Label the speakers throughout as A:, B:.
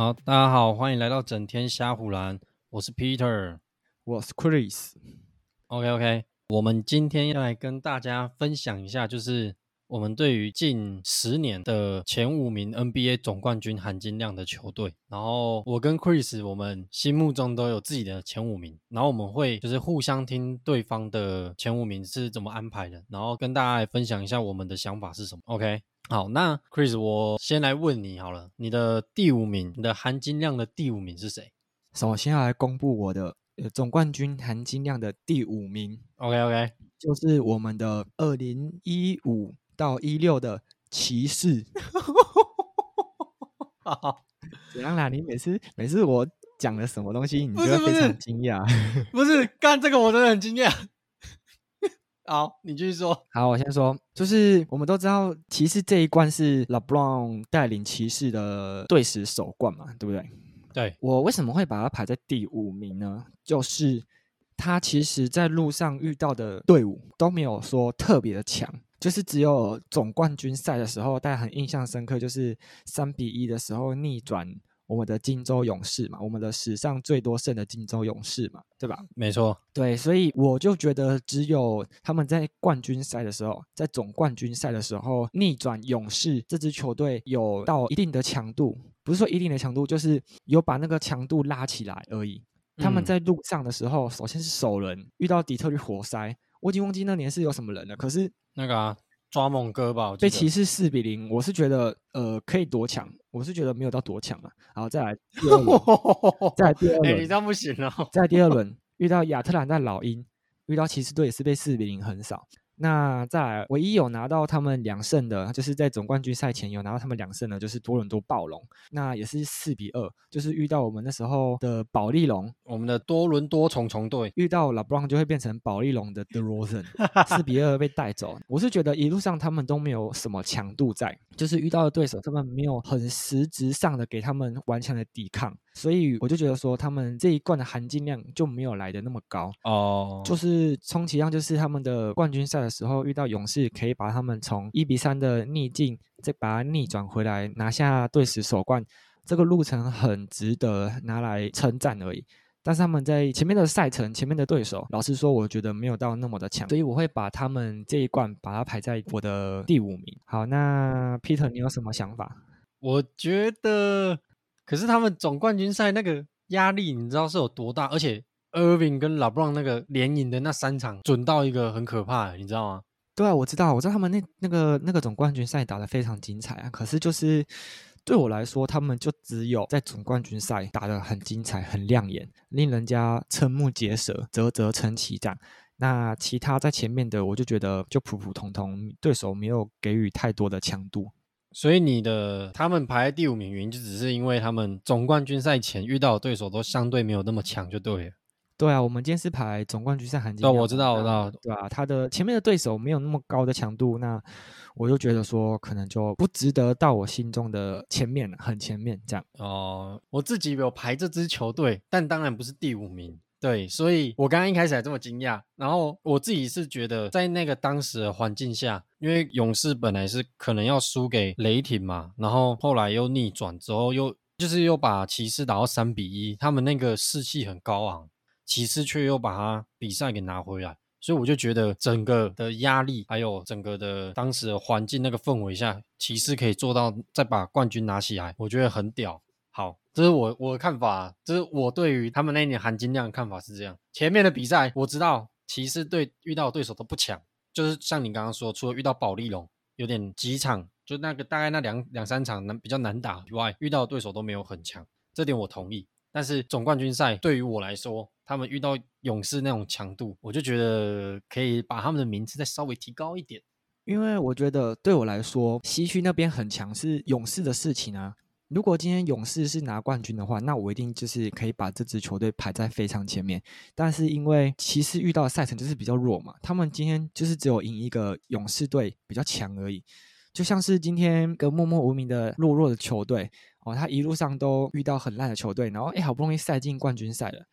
A: 好，大家好，歡迎來到整天蝦唬籃。我是 Peter，我是 Chris。OK、OK、okay, okay，我們今天要來跟大家分享一下，就是。我們對於近十年的前五名 NBA 總冠軍含金量的球隊，然後我跟 Chris，我們心目中都有自己的前五名，然後我們會就是互相聽對方的前五名是怎麼安排的，然後跟大家來分享一下我們的想法是什麼。OK，好，那 Chris，我先來問你好了，你的第五名，你的含金量的第五名是誰？首先來公布我的，呃，總冠軍含金量的第五名。OK，OK，、okay, okay、
B: 就是我們的二零一五。到一六的騎士， 好，好，怎樣啦？你每次每次我講了什麼東西，你就會非常驚訝？
A: 不是幹這個我，我都很驚訝。好，你繼續說。
B: 好，我先說，就是我們都知道騎士這一冠是 LeBron 帶領騎士的隊史首冠嘛，對不對？對，我為什麼會把它排在第五名呢？就是他其實在路上遇到的隊伍都沒有說特別的強。就是只有總冠軍賽的時候，大家很印象深刻，就是三比一的時候逆轉我們的金州勇士嘛，我們的史上最多勝的金州勇士嘛，對吧？沒錯，對，所以我就覺得只有他們在冠軍賽的時候，在總冠軍賽的時候逆轉勇士這支球隊有到一定的強度，不是說一定的強度，就是有把那個強度拉起來而已。嗯、他們在路上的時候，首先是首輪遇到底特律活塞，我已經忘記那年是有什麼人了，可是。
A: 那個啊，抓猛哥吧！被騎
B: 士四比零，我是覺得呃可以奪搶，我是覺得沒有到奪搶嘛、啊。然後再來，再第二輪， 再來第二輪、 欸，你這樣不行哦，在第二輪 遇到亞特蘭大老鷹，遇到騎士隊也是被四比零橫掃。那再來，唯一有拿到他們兩勝的，就是在總冠軍賽前有拿到他們兩勝的，就是多倫多暴龍。那也是四比二，就是遇到我們那時候的寶利龍，我們的多倫多蟲蟲隊遇到了 LeBron 就會變成寶利龍的 Drosen，四比二被帶走。 我是覺得一路上他們都沒有什麼強度在，就是遇到的對手，他們沒有很實質上的給他們頑強的抵抗。所以我就覺得說，他們這一冠的含金量就沒有來得那麼高
A: 哦。就
B: 是充其量就是他們的冠軍賽的時候遇到勇士，可以把他們從一比三的逆境再把它逆轉回來拿下隊史首冠，這個路程很值得拿來稱讚而已。但是他們在前面的賽程，前面的對手，老實說，我覺得沒有到那麼的強，所以我會把他們這一冠把它排在我的第五名。好，那 Peter 你有什
A: 麼想法？我覺得。可是他們總冠軍賽那個壓力，你知道是有多大？而且 Irving 跟 LeBron 那個連贏的那三場，準到一個很可怕，你知道嗎？
B: 對啊，我知道，我知道他們那那個那個總冠軍賽打得非常精彩啊。可是就是對我來說，他們就只有在總冠軍賽打得很精彩、很亮眼，令人家瞠目結舌、嘖嘖稱奇。戰那其他在
A: 前面的，我就覺得就普普通通，對手沒有給予太多的強度。所以你的他們排第五名，原因就只是因為他們總冠軍賽前遇到的對手都相對沒有那麼強，就對了。對啊，我們今天是排總冠軍賽很激烈，我知道，我知道，對吧、啊？
B: 他的前面的對手沒有那麼高的強度，那我就覺得說可能就不值得
A: 到我心中的前面，很前面這樣。哦、呃，我自己有排這支球隊，但當然不是第五名。對，所以我剛剛一開始還這麼驚訝，然後我自己是覺得，在那個當時的環境下，因為勇士本來是可能要輸給雷霆嘛，然後後來又逆轉之後又，又就是又把騎士打到三比一，他們那個士氣很高昂，騎士卻又把他比賽給拿回來，所以我就覺得整個的壓力還有整個的當時的環境那個氛圍下，騎士可以做到再把冠軍拿起來，我覺得很屌。好，這是我我的看法啊，就是我對於他們那一年含金量的看法是這樣。前面的比賽我知道，騎士隊遇到的對手都不強，就是像你剛剛說，除了遇到暴力龍有點幾場，就那個大概那兩兩三場能比較難打以外，遇到的對手都沒有很強，這點我同意。但是總冠軍賽對於我來說，他們遇到勇士那種強度，我就覺得可以把他們的名次再稍微提高一點，
B: 因為我覺得對我來說，西區那邊很強是勇士的事情啊。如果今天勇士是拿冠軍的話，那我一定就是可以把這支球隊排在非常前面。但是因為騎士遇到的賽程就是比較弱嘛，他們今天就是只有贏一個勇士隊比較強而已。就像是今天一個默默無名的弱弱的球隊哦，他一路上都遇到很爛的球隊，然後哎，好不容易賽進冠軍賽了，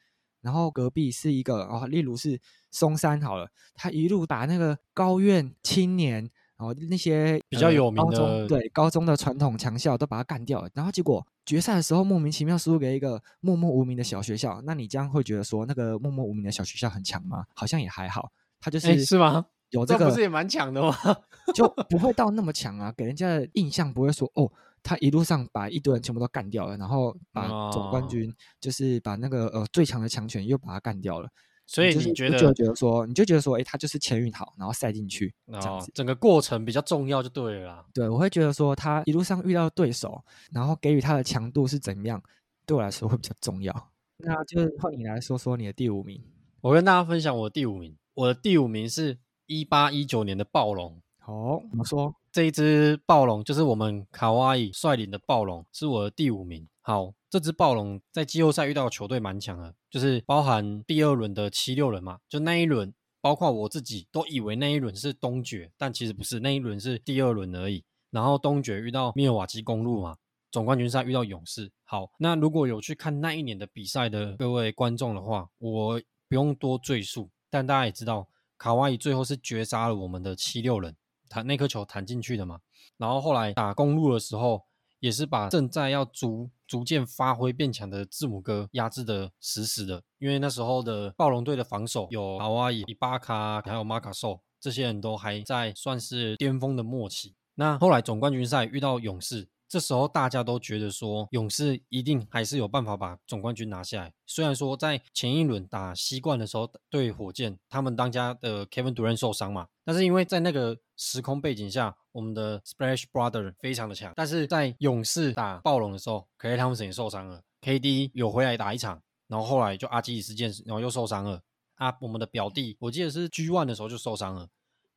B: 然後隔壁是一個哦，例如是松山好了，他一路打那個高院青年。然後那些比較有名的、呃、高中對高中的傳統強校都把它幹掉了，然後結果決賽的時候莫名其妙輸給一個默默無名的小學校。那你這樣會覺得說那個默默無名的小學校很強嗎？好像也還好，他就是、這個、是嗎？有這個不是也蠻強的嗎？ 就不會到那麼強啊，給人家的印象不會說哦，他一路上把一堆人全部都幹掉了，然後把總冠軍就是把那個呃最強的強權又把它幹掉了。所以你，覺得你就覺得說，你就覺得說，誒、欸,他就是籤運好,然後塞進去這、哦、
A: 整個過程比較重要就對了啦。
B: 對,我會覺得說，他一路上遇到對手,然後給予他的強度是怎樣,對我來說會比較重要。那
A: 就是換你來說說你的第五名。我跟大家分享我的第五名,我的第五名是一八一九年的暴龍。好,怎麼說？這一隻暴龍就是我們卡哇伊率領的暴龍,是我的第五名。好。這支暴龍在季後賽遇到的球隊蠻強的，就是包含第二輪的七六人嘛，就那一輪，包括我自己都以為那一輪是東決，但其實不是，那一輪是第二輪而已。然後東決遇到密爾瓦基公鹿嘛，總冠軍賽遇到勇士。好，那如果有去看那一年的比賽的各位觀眾的話，我不用多贅述，但大家也知道，卡哇伊最後是絕殺了我們的七六人，彈那顆球彈進去的嘛。然後後來打公鹿的時候。也是把正在要逐逐漸發揮變強的字母哥壓制得死死的，因為那時候的暴龍隊的防守有卡哇伊、伊巴卡，還有馬卡獸，這些人都還在算是巔峰的末期。那後來總冠軍賽遇到勇士。這時候大家都覺得說，勇士一定還是有辦法把總冠軍拿下來。雖然說在前一輪打西冠的時候，對火箭，他們當家的 Kevin Durant 受傷嘛，但是因為在那個時空背景下，我們的 Splash Brother 非常的強。但是在勇士打暴龍的時候，Klay Thompson 受傷了，KD 有回來打一場，然後後來就阿基里斯腱，然後又受傷了。啊，我們的表弟，我記得是 G1 的時候就受傷了。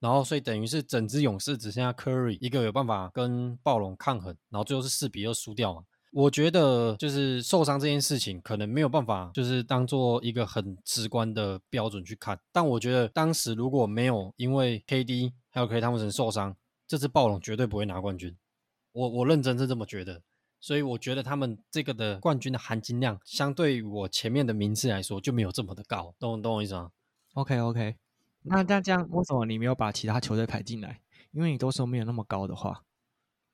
A: 然後，所以等於是整支勇士只剩下 Curry 一個有辦法跟暴龍抗衡，然後最後是四比二輸掉嘛。我覺得就是受傷這件事情，可能沒有辦法就是當做一個很直觀的標準去看。但我覺得當時如果沒有因為 KD 還有 Klay 他們受傷，這次暴龍絕對不會拿冠軍。我我認真是這麼覺得，所以我覺得他們這個的冠軍的含金量，相對於我前面的名次來說就沒有這麼的高，懂我懂我意思嗎？OK OK。那大家，為什麼你沒有把其他球隊排進來？因為你都說沒有那麼高的話。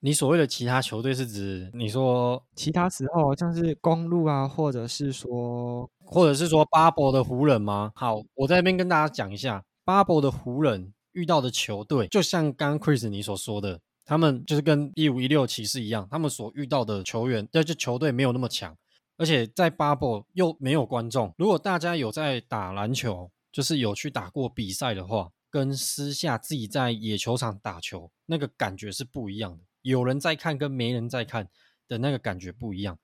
A: 你所謂的其他球隊是指你說其他時候像是公路啊，或者是說，或者是說 Bubble 的湖人嗎？好，我在那邊跟大家講一下，Bubble 的湖人遇到的球隊，就像剛 Chris 你所說的，他們就是跟一五一六騎士一樣，他們所遇到的球員，在就是、球隊沒有那麼強，而且在 Bubble 又沒有觀眾。如果大家有在打籃球。就是有去打過比賽的話，跟私下自己在野球場打球那個感覺是不一樣的。有人在看跟沒人在看的那個感覺不一樣。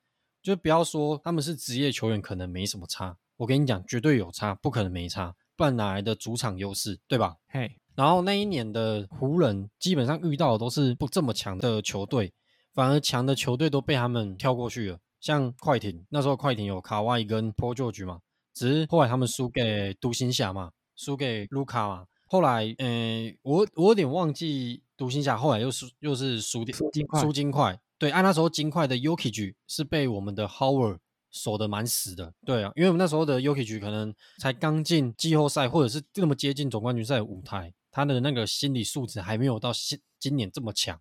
A: 就不要說他們是職業球員，可能沒什麼差。我跟你講，絕對有差，不可能沒差，不然哪來的主場優勢，對吧？嘿、hey.。然後那一年的湖人基本上遇到的都是不這麼強的球隊，反而強的球隊都被他們跳過去了。像快艇，那時候快艇有卡哇伊跟 Paul George 嘛。只是後來他們輸給獨行俠嘛，輸給盧卡嘛。後來，呃，我我有點忘記獨行俠後來又輸又是輸掉輸金快，輸金塊對，按、啊、那時候金快的 Yuki 局是被我們的 Howard 守得蠻死的。對啊，因為我們那時候的 Yuki 局可能才剛進季後賽，或者是這麼接近總冠軍賽的舞台，他的那個心理素質還沒有到今今年這麼強，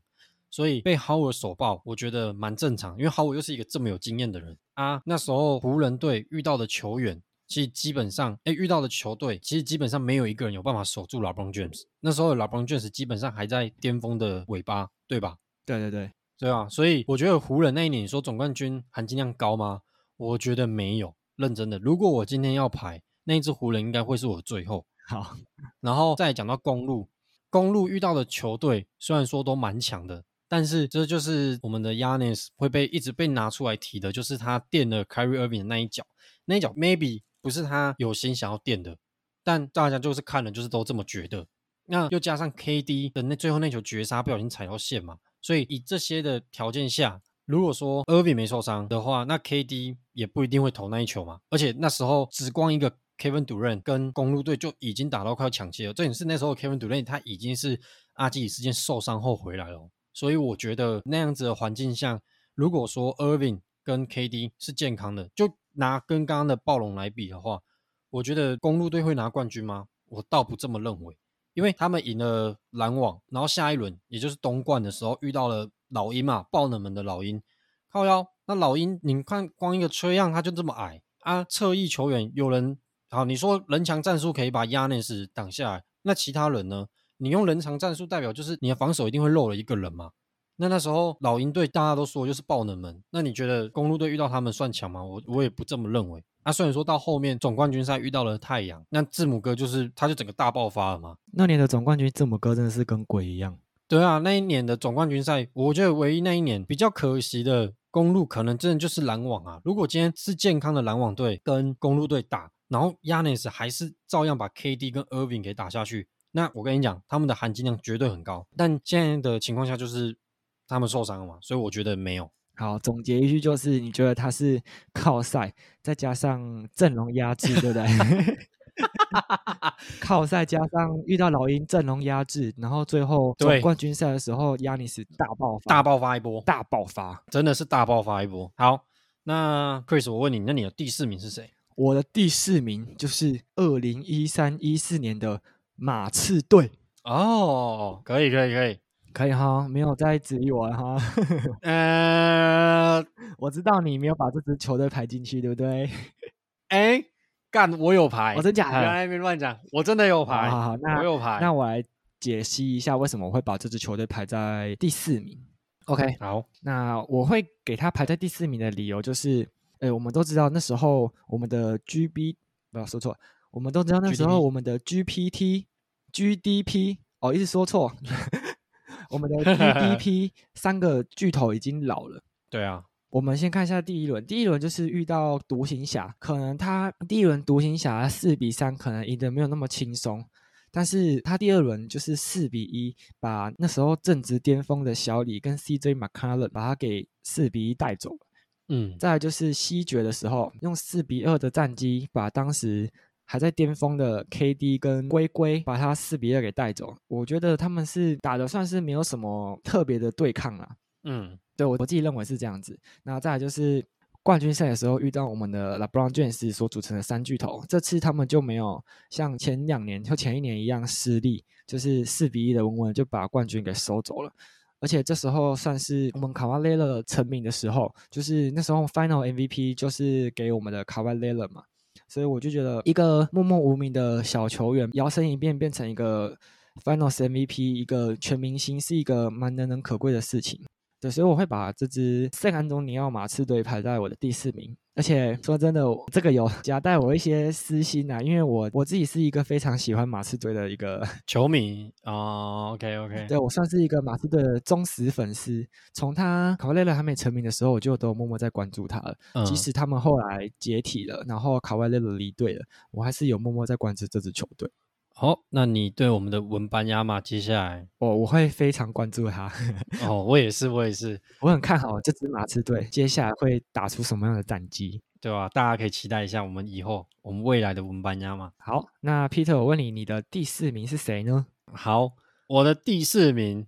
A: 所以被 Howard 守爆，我覺得蠻正常。因為 Howard 又是一個這麼有經驗的人啊，那時候湖人隊遇到的球員。其實基本上，哎，遇到的球隊其實基本上沒有一個人有辦法守住老邦詹姆斯。那時候老邦詹姆斯基本上還在巔峰的尾巴，對吧？對對對，對啊。所以我覺得湖人那一年你說總冠軍含金量高嗎？我覺得沒有，認真的。如果我今天要排那一支湖人，應該會是我最後。好，然後再講到公鹿，公鹿遇到的球隊雖然說都蠻強的，但是這就是我們的亞尼斯會被一直被拿出來提的，就是他墊了 Kyrie Irving 的那一腳，那一腳 Maybe。不是他有心想要墊的，但大家就是看了，就是都這麼覺得。那又加上 KD 的那最後那球絕殺不小心踩到線嘛，所以以這些的條件下，如果說 Irving 沒受傷的話，那 KD 也不一定會投那一球嘛。而且那時候只光一個 Kevin Durant 跟公鹿隊就已經打到快要搶七了，這也是那時候 Kevin Durant 他已經是阿基里斯腱受傷後回來了，所以我覺得那樣子的環境下，如果說 Irving 跟 KD 是健康的，就。拿跟剛剛的暴龍來比的話，我覺得公鹿隊會拿冠軍嗎？我倒不這麼認為，因為他們贏了籃網，然後下一輪也就是東冠的時候遇到了老鷹嘛，爆冷門的老鷹靠腰。那老鷹，你看光一個崔楊，他就這麼矮啊，側翼球員有人好，你說人牆戰術可以把亞內斯擋下來，那其他人呢？你用人牆戰術代表就是你的防守一定會漏了一個人嘛。那那時候老鷹隊大家都說就是爆冷門，那你覺得公鹿隊遇到他們算強嗎？我我也不這麼認為。那雖然說到後面總冠軍賽遇到了太陽，那字母哥就是他就整個大爆發了嘛。
B: 那年的總冠軍，字母哥真的是跟鬼一樣。
A: 對啊，那一年的總冠軍賽，我覺得唯一那一年比較可惜的公鹿可能真的就是籃網啊。如果今天是健康的籃網隊跟公鹿隊打，然後亞尼斯還是照樣把 KD 跟 Irving 給打下去，那我跟你講他們的含金量絕對很高。但現在的情況下就是。他們受傷了嘛，所以我覺得沒有。好，總結一句就是，你覺得他是靠賽，再加上
B: 陣容壓制，對不對？ 靠賽加上遇到老鷹陣容壓制，然後最後總冠軍賽的時候，亞尼斯大爆發，大
A: 爆發一波，大爆發，真的是大爆發一波。好，那 Chris，我問你，那你的第四名是誰？我
B: 的第四名就是二零一三一四年的馬刺隊。哦，oh，可以，可以，可以。可以哈，沒有在質疑我哈。 呃，我知道你沒有把這支球隊排進去，對不對？哎、欸，幹，我有排，我、哦、真的,假的，
A: 別亂講，我真的有排。好,好，好，那我有排。那我來
B: 解析一下為什麼我會把這支球隊排在第四名。OK，好，那我會給他排在第四名的理由就是，哎、欸，我們都知道那時候我們的 G B 不要說錯，我們都知道那時候我們的 G P T G D P 哦、oh,，一直說錯。 我們的 D P p 三個巨頭已經老了。 對啊，我們先看一下第一輪。第一輪就是遇到獨行俠，可能他第一輪獨行俠四比三，可能贏得沒有那麼輕鬆，但是他第二輪就是四比一，把那時候正值巔峰的小李跟 CJ McCollum 把他給四比一帶走了。嗯，再來就是西決的時候，用四比二的戰績把當時。還在巔峰的 KD 跟龜龜把他四比二給帶走，我覺得他們是打的算是沒有什麼特別的對抗了，
A: 啊。嗯，
B: 對，我我自己認為是這樣子。那再來就是冠軍賽的時候遇到我們的 LeBron James 所組成的三巨頭，這次他們就沒有像前兩年就前一年一樣失利，就是四比一的穩穩就把冠軍給收走了。而且這時候算是我們卡瓦萊勒成名的時候，就是那時候 Final MVP 就是給我們的卡瓦萊勒嘛。所以我就覺得，一個默默無名的小球員搖身一變變成一個 Finals MVP，一個全明星，是一個蠻難能可貴的事情的。對，所以我會把這支聖安東尼奧馬刺隊排在我的第四名。而且說真的，這個有夾帶我一些私心吶、啊，因為我我自己是一個非常喜歡馬刺隊的一個球迷，
A: 哦 OK OK，嗯、對我
B: 算是一個馬刺隊的忠實粉絲，從他考維爾勒還沒成名的時候，我就都默默在關注他了，嗯。即使他們後來解體了，然後考維爾勒離隊了，我還是有默默在關注這支球隊。
A: 好、oh,，那你對我們的文班亞馬接下來，我、oh, 我會非常關注他。哦、 oh,，我也是，我也是，我很
B: 看好這支馬刺隊接下來會打出什麼樣的戰績，
A: 對吧、啊？大家可以期待一下我們以後我們未來的文班亞馬。好、oh,，那 Peter，我問你，你的第四名是誰呢？好，我的第四名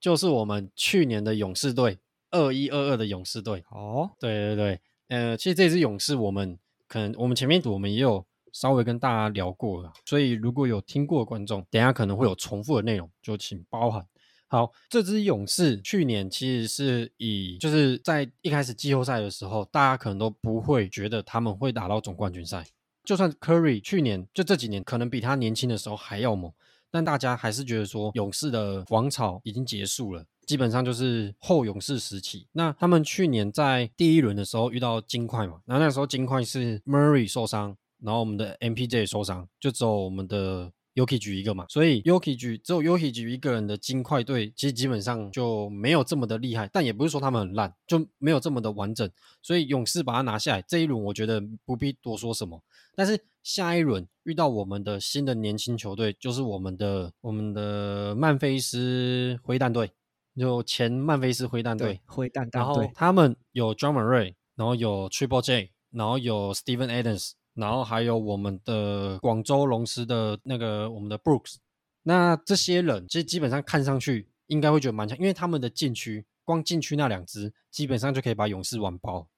A: 就是我們去年的勇士隊，二一二二的勇士隊。哦、oh.，對對對，呃，其實這支勇士我們可能我們前面我們也有。稍微跟大家聊過了，所以如果有聽過的觀眾，等一下可能會有重複的內容，就請包涵。好，這支勇士去年其實是以，就是在一開始季後賽的時候，大家可能都不會覺得他們會打到總冠軍賽。就算 Curry 去年就這幾年，可能比他年輕的時候還要猛，但大家還是覺得說勇士的王朝已經結束了，基本上就是後勇士時期。那他們去年在第一輪的時候遇到金塊嘛，然後那時候金塊是 Murray 受傷。然後我們的 MPJ 受傷，就只有我們的 Jokic 一個嘛，所以 Jokic，只有 Jokic 一個人的金塊隊，其實基本上就沒有這麼的厲害，但也不是說他們很爛，就沒有這麼的完整。所以勇士把它拿下來這一輪，我覺得不必多說什麼。但是下一輪遇到我們的新的年輕球隊，就是我們的我們的曼菲斯灰熊隊，就前曼菲斯灰熊隊灰熊隊，然後他們有 Ja Morant，然後有 Triple J，然後有 Steven Adams。然後還有我們的廣州龍獅的那個我們的 Brooks。那這些人其實基本上看上去應該會覺得蠻強，因為他們的禁區光禁區那兩隻基本上就可以把勇士完爆。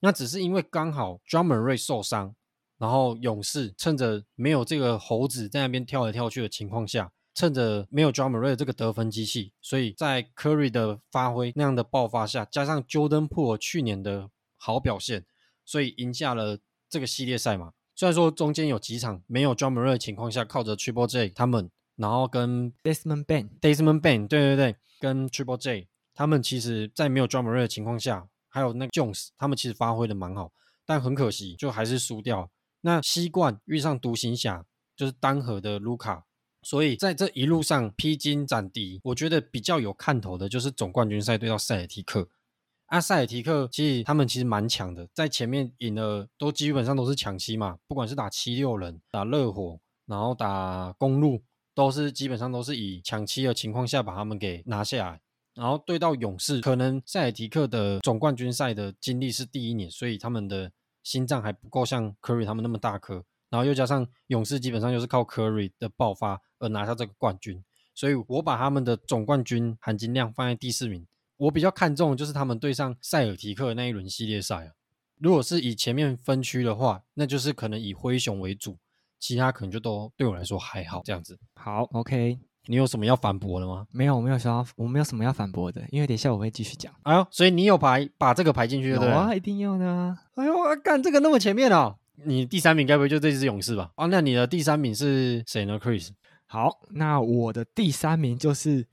A: 那只是因為剛好 Drummond 受傷，然後勇士趁着沒有這個猴子在那邊跳來跳去的情況下，趁着沒有 Drummond 的這個得分機器，所以在 Curry 的發揮那樣的爆發下，加上 Jordan Poole 去年的好表現，所以贏下了這個系列賽嘛，雖然說中間有幾場沒有 Ja Morant 的情況下，靠着 Triple J 他們，然後跟 Desmond Bane，Desmond Bane，對對對，跟 Triple J 他們，其實在沒有 Ja Morant 的情況下，還有那個 Jones 他們其實發揮的蠻好，但很可惜就還是輸掉。那西冠遇上獨行俠，就是單核的盧卡，所以在這一路上披荊斬棘，我覺得比較有看頭的就是總冠軍賽對到塞爾提克。阿、啊、塞爾提克其實他們其實蠻強的，在前面贏了都基本上都是搶七嘛，不管是打七六人、打熱火，然後打公鹿，都是基本上都是以搶七的情況下把他們給拿下來。然後對到勇士，可能塞爾提克的總冠軍賽的經歷是第一年，所以他們的心臟還不夠像 Curry 他們那麼大顆。然後又加上勇士基本上又是靠 Curry 的爆發而拿下這個冠軍，所以我把他們的總冠軍含金量放在第四名。我比較看重的就是他們對上塞爾提克那一輪系列賽啊。如果是以前面分區的話，那就是可能以灰熊為主，其他可能就都對我來說還好這樣子。好，OK。你有什麼要反駁的嗎？沒有，我沒有想要，我沒有什麼要反駁的，因為等一下我會繼續講。哎呦，所以你有排把這個排進去就對了？有啊，一定要呢。哎呦，我幹這個那麼前面哦，你第三名該不會就這支勇士吧？哦、啊，那你的第三名是誰呢？Chris。好，那我的第三名就是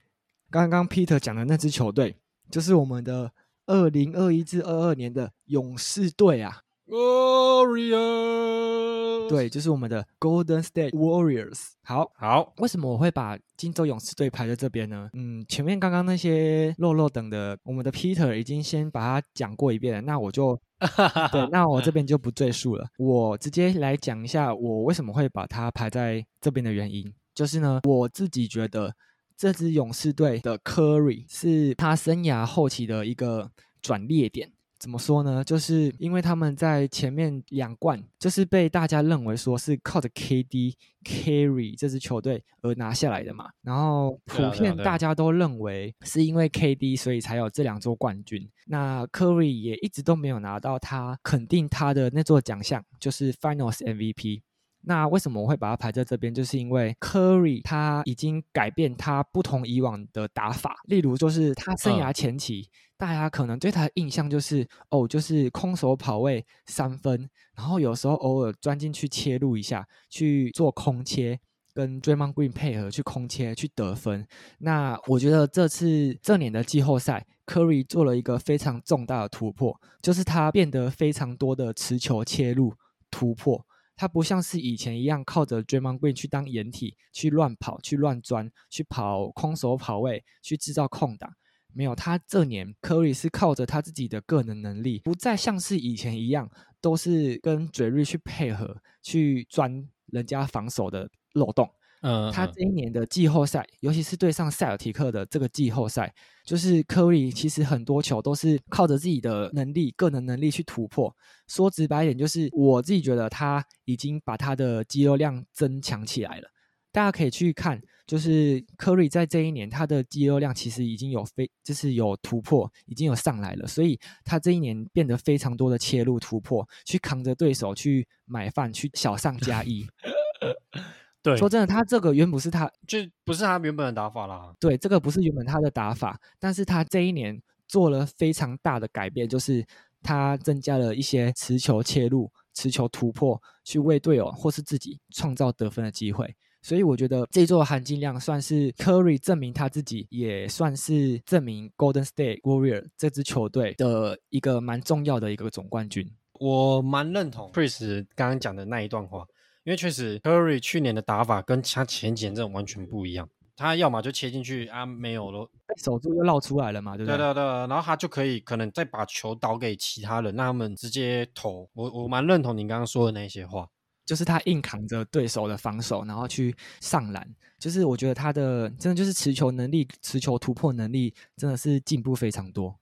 A: 剛剛 Peter 講的那支球隊。就是我們的
B: 二零二一至二二年的勇士隊啊
A: ，Warriors，
B: 對，就是我們的 Golden State Warriors。好，好，為什麼我會把金州勇士隊排在這邊呢？嗯，前面剛剛那些肉肉等的，我們的 Peter 已經先把它講過一遍了，那我就 對，那我這邊就不贅述了， 我直接來講一下我為什麼會把它排在這邊的原因，就是呢，我自己覺得。這支勇士隊的 Curry 是他生涯後期的一個轉捩點。怎麼說呢？就是因為他們在前面兩冠，就是被大家認為說是靠着 KD Curry 這支球隊而拿下來的嘛。然後普遍大家都認為是因為 KD 所以才有這兩座冠軍。那 Curry 也一直都沒有拿到他肯定他的那座獎項，就是 Finals MVP。那為什麼我會把他排在這邊？就是因為 Curry 他已經改變他不同以往的打法。例如，就是他生涯前期，呃，大家可能對他的印象就是，哦，就是空手跑位三分，然後有時候偶爾鑽進去切入一下，去做空切，跟 Draymond Green 配合去空切去得分。那我覺得這次這年的季後賽，Curry 做了一個非常重大的突破，就是他變得非常多的持球切入突破。他不像是以前一樣靠着 Draymond Green 去當掩體，去亂跑，去亂鑽，去跑空手跑位，去制造空檔。沒有，他這年 Curry 是靠着他自己的個人能力，不再像是以前一樣，都是跟嘴瑞去配合，去鑽人家防守的漏洞。嗯， 他這一年的季後賽，尤其是對上塞爾提克的這個季後賽，就是柯瑞，其實很多球都是靠着自己的能力、個人能,能力去突破。說直白一點，就是我自己覺得他已經把他的肌肉量增強起來了。大家可以去看，就是柯瑞在這一年，他的肌肉量其實已經有非，就是有突破，已經有上來了，所以他這一年變得非常多的切入突破，去扛着對手去買犯，去小上加一。 說真的，他這個原本是他就不是他原
A: 本的打法啦。
B: 對，這個不是原本他的打法，但是他這一年做了非常大的改變，就是他增加了一些持球切入、持球突破，去為隊友或是自己創造得分的機會。所以我覺得這座含金量算是 Curry 證明他自己，也算是證明 Golden State Warrior 這支球隊
A: 的一個蠻重要的一個總冠軍。我蠻認同 Chris 剛剛講的那一段話。因為確實 Curry 去年的打法跟他前幾年這種完全不一樣。他要麼就切進去啊，沒有了，手就又繞出來了嘛，對不對？對對對。然後他就可以可能再把球倒給其他人，那他們直接投。我我蠻認同你剛剛說的那些話，就是他硬扛着對手的防守，然後去上籃。就是我覺得他的
B: 真的就是持球能力、持球突破能力真的是進步非常多。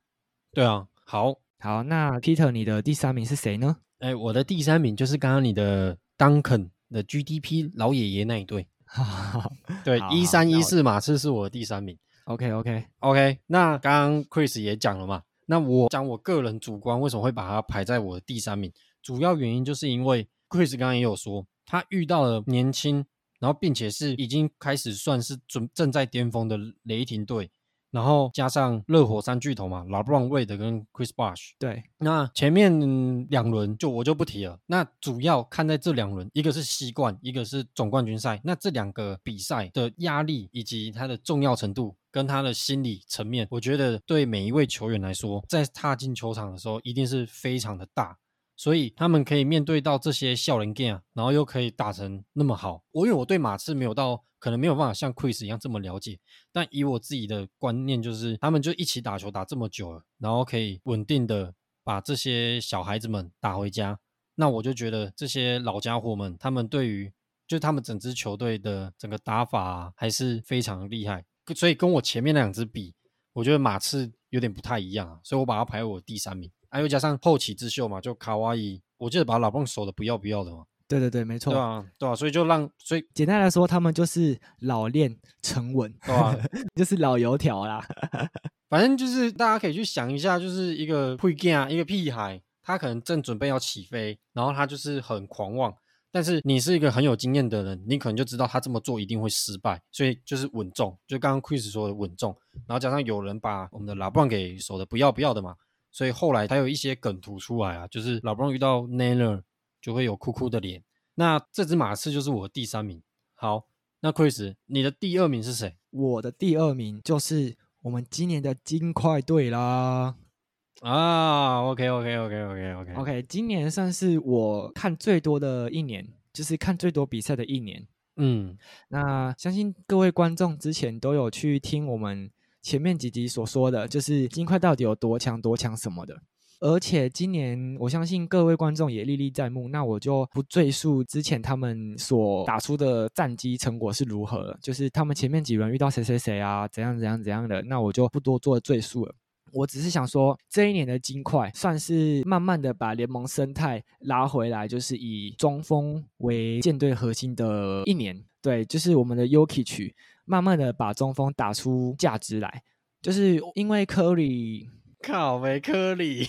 A: 對啊，好，好，那 Peter，你的第三名是誰呢？哎，我的第三名就是剛剛你的 Duncan。的 GDP 老爺爺那一隊， 對一三一四馬刺是我的第三名。 OK OK OK，那剛剛 Chris 也講了嘛，那我講我個人主觀為什麼會把它排在我的第三名，主要原因就是因為 Chris 剛剛也有說，他遇到了年輕，然後並且是已經開始算是準正在巔峰的雷霆隊。然後加上熱火三巨頭嘛，LeBron Wade 跟 Chris Bosh。對，那前面兩輪就我就不提了。那主要看在這兩輪，一個是西冠，一個是總冠軍賽。那這兩個比賽的壓力以及它的重要程度跟它的心理層面，我覺得對每一位球員來說，在踏進球場的時候，一定是非常的大。所以他們可以面對到這些笑人 game 啊，然後又可以打成那麼好。我因為我對馬刺沒有到，可能沒有辦法像 Chris 一樣這麼了解。但以我自己的觀念，就是他們就一起打球打這麼久了，然後可以穩定的把這些小孩子們打回家。那我就覺得這些老家伙們，他們對於就是他們整支球隊的整個打法啊，還是非常厲害。所以跟我前面那兩支比，我覺得馬刺有點不太一樣啊。所以我把它排為我第三名。還、啊、有加上後起之秀嘛，就卡哇伊，我記得把老詹守的不要不要的嘛。
B: 對對對，沒錯對。對啊，對啊，所以就讓，所以簡單來說，他們就是老練沉穩，
A: 對吧、啊？ 就是老油條啦。反正就是大家可以去想一下，就是一個會乾一個屁孩，他可能正準備要起飛，然後他就是很狂妄，但是你是一個很有經驗的人，你可能就知道他這麼做一定會失敗，所以就是穩重，就剛剛 Chris 說的穩重。然後加上有人把我們的老詹給守的不要不要的嘛。所以後來他有一些梗圖出來啊，就是好不容易遇到 Nanner 就會有酷酷的臉。那這只馬刺就是我的第三名。好，那 Chris，你的第二名是誰？
B: 我的第二名就是我們今年的金塊隊啦。啊，OK，OK，OK，OK，OK，OK，okay, okay, okay, okay. Okay, 今年算是我看最多的一年，就是看最多比賽的一年。嗯，那相信各位觀眾之前都有去聽我們。前面幾集所說的就是金塊到底有多強、多強什麼的，而且今年我相信各位觀眾也歷歷在目，那我就不贅述之前他們所打出的戰績成果是如何了，就是他們前面幾輪遇到誰誰誰啊，怎樣怎樣怎樣的，那我就不多做贅述了。我只是想說，這一年的金塊算是慢慢的把聯盟生態拉回來，就是以中鋒為艦隊核心的一年，對，就是我們的 Jokic。慢慢的把中鋒打出價值來，就是因為柯瑞，
A: 靠，沒柯瑞，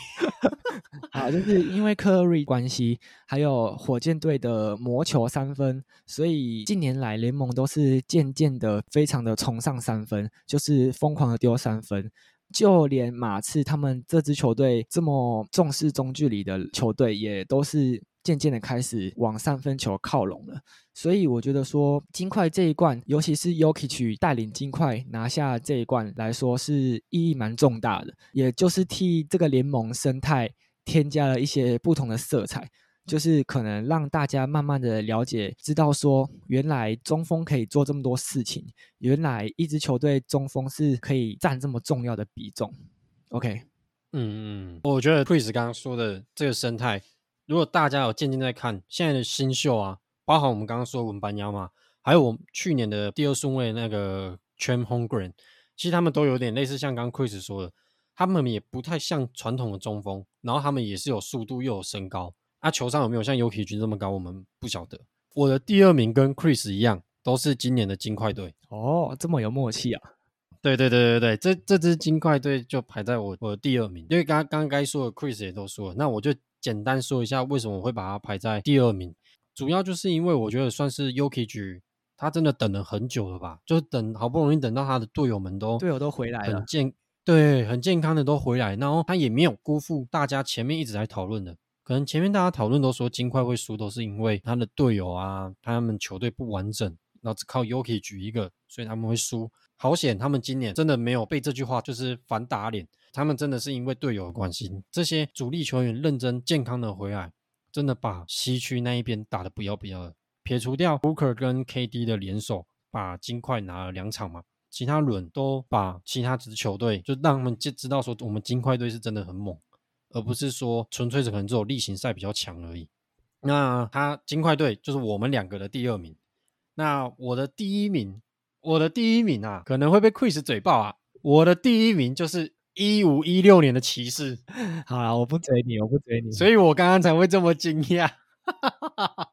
B: 好， 就是因為柯瑞關係，還有火箭隊的魔球三分，所以近年來聯盟都是漸漸的非常的崇尚三分，就是瘋狂的丟三分，就連馬刺他們這支球隊這麼重視中距離的球隊，也都是。漸漸的開始往三分球靠攏了，所以我覺得說金塊這一冠，尤其是 Jokic 帶領金塊拿下這一冠來說是意義蠻重大的，也就是替這個聯盟生態添加了一些不同的色彩，就是可能讓大家慢慢的了解知道說，原來中鋒可以做這麼多事情，原來一支球隊中鋒是可以占這麼重要的比重。OK，
A: 嗯嗯，我覺得 Chris 剛剛說的這個生態。如果大家有漸漸在看，現在的新秀啊，包含我們剛剛說的文班亞馬，還有我們去年的第二順位那個 Chet Holmgren，其實他們都有點類似，像剛 Chris 說的，他們也不太像傳統的中鋒，然後他們也是有速度又有身高啊，球商有沒有像尤皮軍這麼高？我們不曉得。我的第二名跟 Chris 一樣，都是今年的金塊隊。哦，這麼有默契啊！對對對對對，這這支金塊隊就排在我我的第二名，因為剛剛剛該說的 Chris 也都說了，那我就。簡單說一下，為什麼我會把它排在第二名？主要就是因為我覺得算是 Yuki 舉，他真的等了很久了吧？就是等好不容易等到他的隊友們都隊友都回來了，很健，對很健康的都回來，然後他也沒有辜負大家，前面一直在討論的，可能前面大家討論都說金塊會輸，都是因為他的隊友啊，他們球隊不完整，然後只靠 Yuki 舉一個，所以他們會輸。好險，他們今年真的沒有被這句話就是反打臉。他們真的是因為隊友的關心，這些主力球員認真健康的回來，真的把西區那一邊打得不要不要的，撇除掉 Booker 跟 KD 的聯手，把金塊拿了兩場嘛，其他輪都把其他支球隊就讓他們就知道說，我們金塊隊是真的很猛，而不是說純粹是可能這種例行賽比較強而已。那他金塊隊就是我們兩個的第二名，那我的第一名，我的第一名啊，可能會被 Chris 嘴爆啊，我的第一名就是。一五一六年的騎士， 好了、啊，我不懟你，我不懟你，所以我剛剛才會這麼驚訝。哈哈哈哈哈，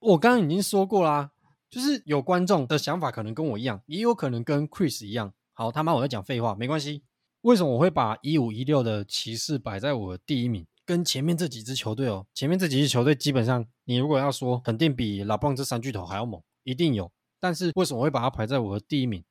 A: 我剛剛已經說過啦、啊，就是有觀眾的想法可能跟我一樣，也有可能跟 Chris 一樣。好，他媽我在講廢話，沒關係。為什麼我會把一五一六的騎士擺在我的第一名？跟前面這幾支球隊哦，前面這幾支球隊基本上，你如果要說，肯定比 LeBron 這三巨頭還要猛，一定有。但是為什麼我會把它排在我的第一名？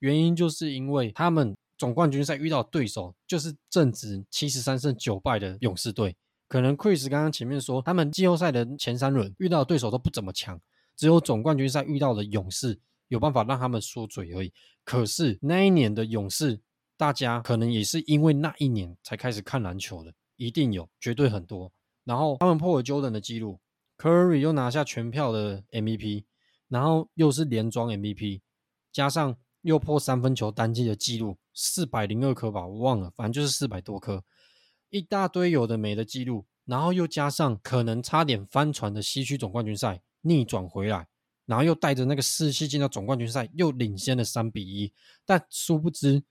A: 原因就是因為他們。總冠軍賽遇到對手就是正值七十三勝九敗的勇士隊，可能 Chris 剛剛前面說他們季後賽的前三輪遇到的對手都不怎麼強，只有總冠軍賽遇到的勇士有辦法讓他們說嘴而已。可是那一年的勇士，大家可能也是因為那一年才開始看籃球的，一定有，絕對很多。然後他們破了 Jordan 的記錄，Curry 又拿下全票的 MVP，然後又是連莊 MVP，加上又破三分球單季的記錄。四百零二顆吧，我忘了，反正就是四百多顆，一大堆有的沒的記錄，然後又加上可能差點翻船的西區總冠軍賽逆轉回來，然後又帶着那個士氣進到總冠軍賽，又領先了三比一，但殊不知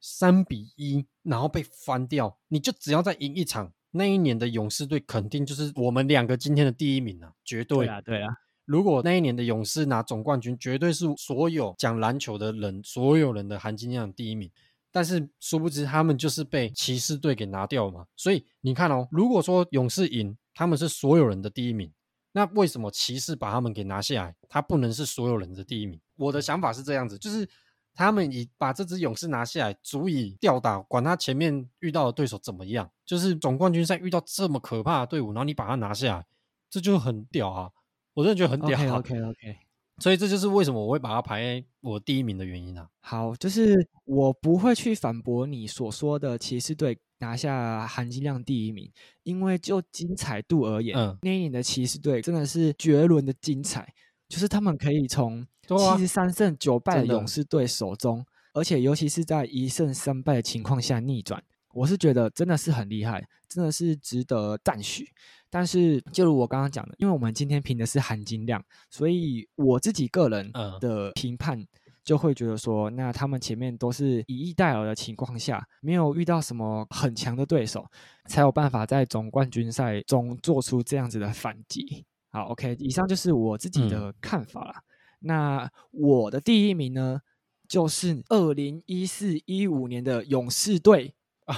A: 三比一然後被翻掉，你就只要再贏一場，那一年的勇士隊肯定就是我們兩個今天的第一名啊，絕對，對啊，對啊。如果那一年的勇士拿總冠軍，絕對是所有講籃球的人，所有人的含金量第一名。但是殊不知，他們就是被騎士隊給拿掉了嘛。所以你看哦，如果說勇士贏，他們是所有人的第一名，那為什麼騎士把他們給拿下來，他不能是所有人的第一名？我的想法是這樣子，就是他們已把這支勇士拿下來，足以吊打，管他前面遇到的對手怎麼樣，就是總冠軍賽遇到這麼可怕的隊伍，然後你把它拿下來，這就很屌啊！我真的覺得很屌，OK OK OK，所以這就是為什麼我會把它排我第一名的原因啊。
B: 好，就是我不會去反駁你所說的騎士隊拿下含金量第一名，因為就精彩度而言，嗯，那一年的騎士隊真的是絕倫的精彩，就是他們可以從七十三勝九敗的勇士隊手中，啊，而且尤其是在一勝三敗的情況下逆轉。我是覺得真的是很厲害，真的是值得讚許。但是，就如我剛剛講的，因為我們今天評的是含金量，所以我自己個人的評判就會覺得說，那他們前面都是以一帶二的情況下，沒有遇到什麼很強的對手，才有辦法在總冠軍賽中做出這樣子的反擊。好，OK，以上就是我自己的看法了，嗯。那我的第一名呢，就是二零一四一五年的勇士隊。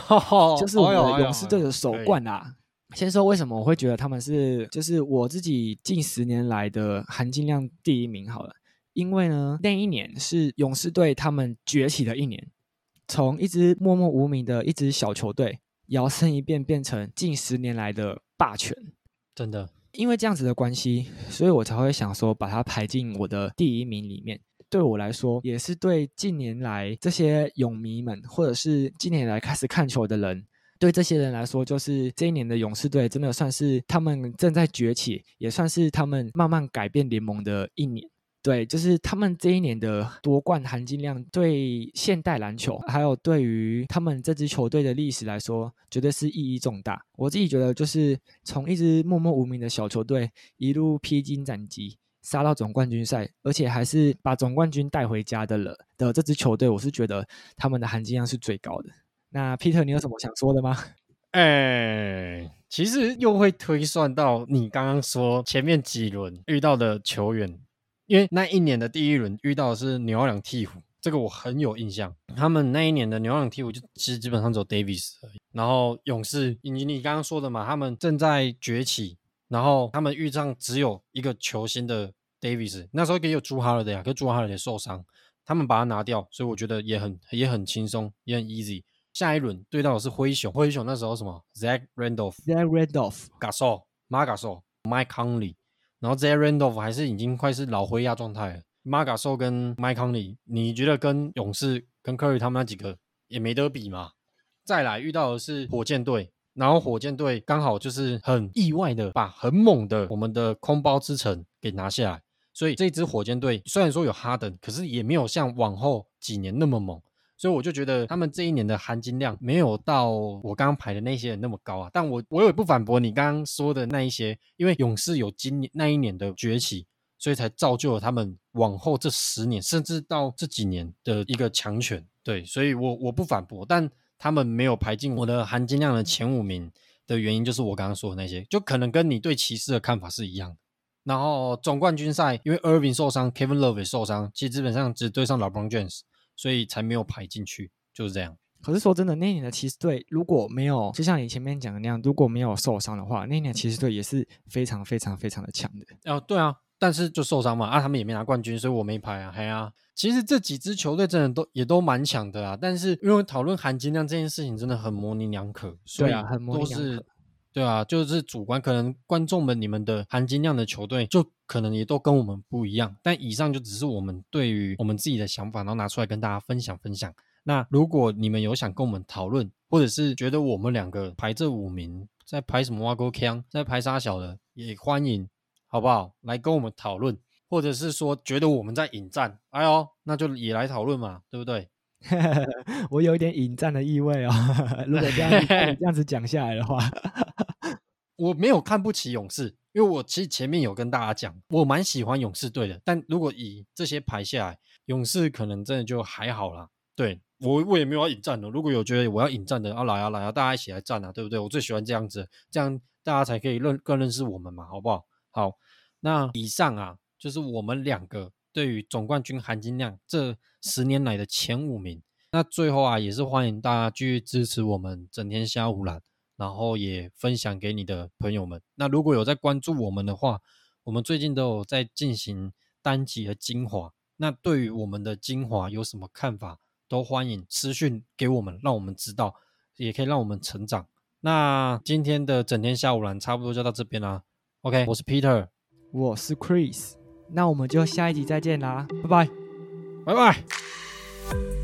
B: 哦， 就是我們的勇士隊的首冠啊！哎呦哎呦哎哎，先說為什麼我會覺得他們是，就是我自己近十年來的含金量第一名好了。因為呢，那一年是勇士隊他們崛起的一年，從一支默默無名的一支小球隊，搖身一變變成近十年來的霸權。真的，因為這樣子的關係，所以我才會想說把它排進我的第一名裡面。對我來說，也是對近年來這些勇迷們，或者是近年來開始看球的人，對這些人來說，就是這一年的勇士隊真的算是他們正在崛起，也算是他們慢慢改變聯盟的一年。對，就是他們這一年的奪冠含金量，對現代籃球，還有對於他們這支球隊的歷史來說，絕對是意義重大。我自己覺得，就是從一支默默無名的小球隊，一路披荊斬棘。殺到總冠軍賽，而且還是把總冠軍帶回家的了的這支球隊，我是覺得他們的含金量是最高的。那 Peter，你有什麼想說的嗎？
A: 哎、欸，其實又會推算到你剛剛說前面幾輪遇到的球員，因為那一年的第一輪遇到的是紐奧良鵜鶘，這個我很有印象。他們那一年的紐奧良鵜鶘就其實基本上只有 Davis 而已，然後勇士以及你剛剛說的嘛，他們正在崛起。然後他們遇上只有一個球星的 Davis，那時候也有 Jrue Holiday 呀，可 Jrue Holiday 也受傷，他們把他拿掉，所以我覺得也很也很輕鬆，也很 easy。下一輪對到的是灰熊，灰熊那時候是什麼 Zach Randolph, Randolph、Zach Randolph、Gasol、Marc Gasol、Mike Conley，然後 Zach Randolph 還是已經快是老灰亞狀態了。Marc Gasol 跟 Mike Conley，你覺得跟勇士跟 Curry 他們那幾個也沒得比嘛？再來遇到的是火箭隊。然後火箭隊剛好就是很意外的把很猛的我們的空包之城給拿下來，所以這支火箭隊雖然說有哈登，可是也沒有像往後幾年那麼猛，所以我就覺得他們這一年的含金量沒有到我剛剛排的那些人那麼高啊。但我我也不反駁你剛剛說的那一些，因為勇士有今年那一年的崛起，所以才造就了他們往後這十年甚至到這幾年的一個強權。對，所以我我不反駁，但。他們沒有排進我的含金量的前五名的原因，就是我剛剛說的那些，就可能跟你對騎士的看法是一樣的。然後總冠軍賽，因為 Irving 受傷，Kevin Love 也受傷，其實基本上只對上 LeBron James，所以才沒有排進去，就是這樣。
B: 可是說真的，那年的騎士隊如果沒有，就像你前面講的那樣，如果沒有受傷的話，那年的騎士隊也是非常非常非常的強的。
A: 哦、啊，對啊。但是就受傷嘛，啊，他們也沒拿冠軍，所以我沒排啊，嘿啊。其實這幾支球隊真的都也都蠻強的啊，但是因為討論含金量這件事情真的很模棱兩可，對啊，很模棱兩可，對啊，就是主觀，可能觀眾們你們的含金量的球隊就可能也都跟我們不一樣。但以上就只是我們對於我們自己的想法，然後拿出來跟大家分享分享。那如果你們有想跟我們討論，或者是覺得我們兩個排這五名，在排什麼挖溝槍，在排沙小的，也歡迎。好不好？來跟我們討論，或者是說覺得我們在引戰，哎呦，那就也來討論嘛，對不對？
B: 我有一點引戰的意味哦。 如果這樣這樣子講
A: 下來的話， 我沒有看不起勇士，因為我其實前面有跟大家講，我蠻喜歡勇士隊的。但如果以這些排下來，勇士可能真的就還好啦。對我，我也沒有要引戰的。如果有覺得我要引戰的啊，來呀、啊、來呀、啊，大家一起來戰啊，對不對？我最喜歡這樣子，這樣大家才可以認更認識我們嘛，好不好？好，那以上啊，就是我們兩個對於總冠軍含金量這十年來的前五名。那最後啊，也是歡迎大家繼續支持我們整天蝦唬籃，然後也分享給你的朋友們。那如果有在關注我們的話，我們最近都有在進行單集的精華。那對於我們的精華有什麼看法，都歡迎私訊給我們，讓我們知道，也可以讓我們成長。那今天的整天蝦唬籃差不多就到這邊啦、啊。OK，我是 Peter，我
B: 是 Chris，那我們就下一集再見啦，拜拜，拜拜。